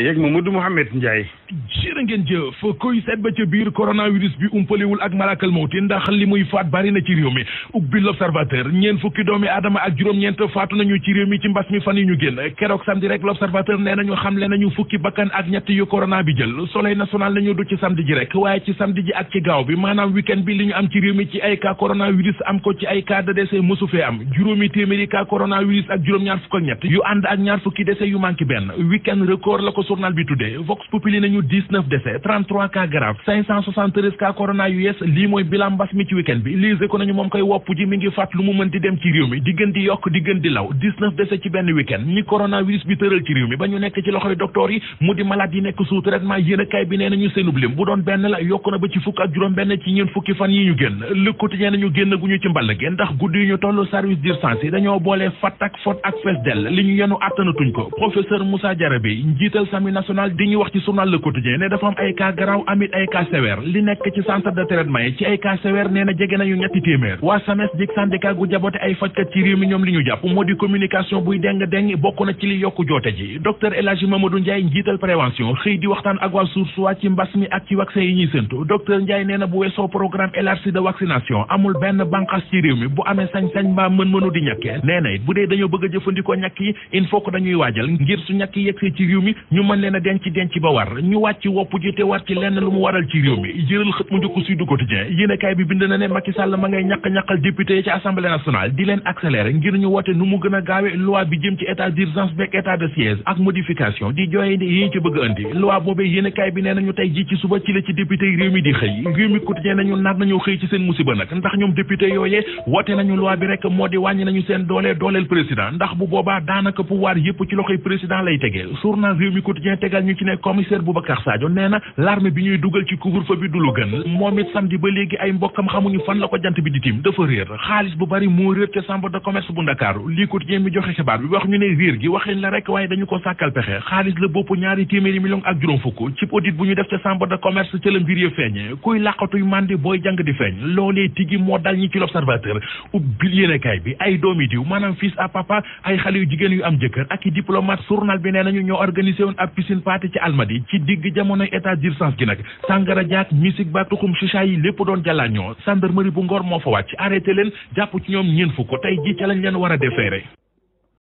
yéeg Mamadou Mouhamed Ndiaye jërë ngeen jëf koy seet ba ca biir coronavirus bi umpalewul ak malakal mawti ndax li muy faat bari ci réew mi ubbi l'observateur ñeen fukki doomi aadama ak juróom-ñeent faatu nañu ci réew mi ci mbas mi fan yi ñu génn keroog samedi rek l'observateur nee nañu xamle nañu fukki bakkan ak ñett yu corona bi jël soleil national nañu du ci samedi ji rek waaye ci samedi ji ak ci gaaw bi maanaam week bi li ñu am ci journal bi tuddee Vox Populi nañu 19 décès 33 cas graves 573 cas corona US lii mooy bilan mbas mi ci week-end bi lise ko nañu moom koy wopp ji mi ngi fàtt lu mu mën di dem ci réew mi di gën di yokk di gën di law 19 décès ci benn week-end ñi coronavirus bi tëral ci réew mi ba ñu nekk ci loxoy docteur yi mu di malade yi nekk sous traitement yéen a kaay bi nee nañu seenub lim bu doon benn la yokk na ba ci fukk ak juróom benn ci ñeen fukki fan yi ñu génn Le Quotidien nañu génn gu ñu ci mball gi ndax guddi yi ñu toll service d'urgence yi dañoo boolee fat ak fot ak fes dell li ñu yenu àttanatuñ ko professeur Moussa Diarabé njiital assemblée nationale di ñu wax ci journal Le Quotidien ne dafa am ay cas amit ay cas li nekk ci centre de traitement yi ci ay cas sévère jege nañu ñetti téeméer waa SAMES dig syndicat gu jabote ay fajkat ci réew mi ñoom li ñu jàpp moo di communication buy déng déng bokk na ci li yokku joote ji docteur El Hadji Mamadou Ndiaye njiital prévention xëy di waxtaan ak waa Source ci mbas mi ak ci vaccin yi ñuy séntu docteur Ndiaye nee na bu weesoo programme élargi mën leen a denc denc ba war ñu wàcc wopp ji te war ci lenn lu mu waral ci réew mi jëral xët mu njëkk Sud Quotidien yéenekaay bi bind na ne Macky Sall ma ngay ñaq-ñaqal député yi ci assemblée nationale di leen accélérer ngir ñu wote nu mu gën a gaawe loi bi jëm ci état d'urgence beeg état de siège ak modification di jooye ne yéen ci bëgg andi loi boobee yéenekaay bi nee nañu tey ji ci suba ci la ci député réew mi di xëy réew mi Quotidien nañu nar Quotidien tegal ñu ci ne commissaire Boubacar Sadio nee na l'armée bi ñuy dugal ci couvre-feu bi du lu gën moom it samedi ba léegi ay mbokkam xamuñu fan la ko jant bi di tim dafa réer xaalis bu bari moo réer ca chambre de commerce bu Ndakaaru lii Quotidien mi joxe xibaar bi wax ñu ne réer gi waxin la rek waaye dañu ko sàkkal pexe xaalis la bopp ñaari téeméeri million ak juróom fukk ci audit bu ñu def ca chambre de commerce ca la mbir ya feeñe kuy làqatuy mandi ab piscine party ci almadi ci digg jamonoy état d'urgence gi nag sàngara jaak musique ba tuxum chicha yi lépp doon jàllaa ñoo bu ngor moo fa wàcc arrêté leen jàpp ci ñoom ñeen fukk ko tey ji ca lañ leen war a defeere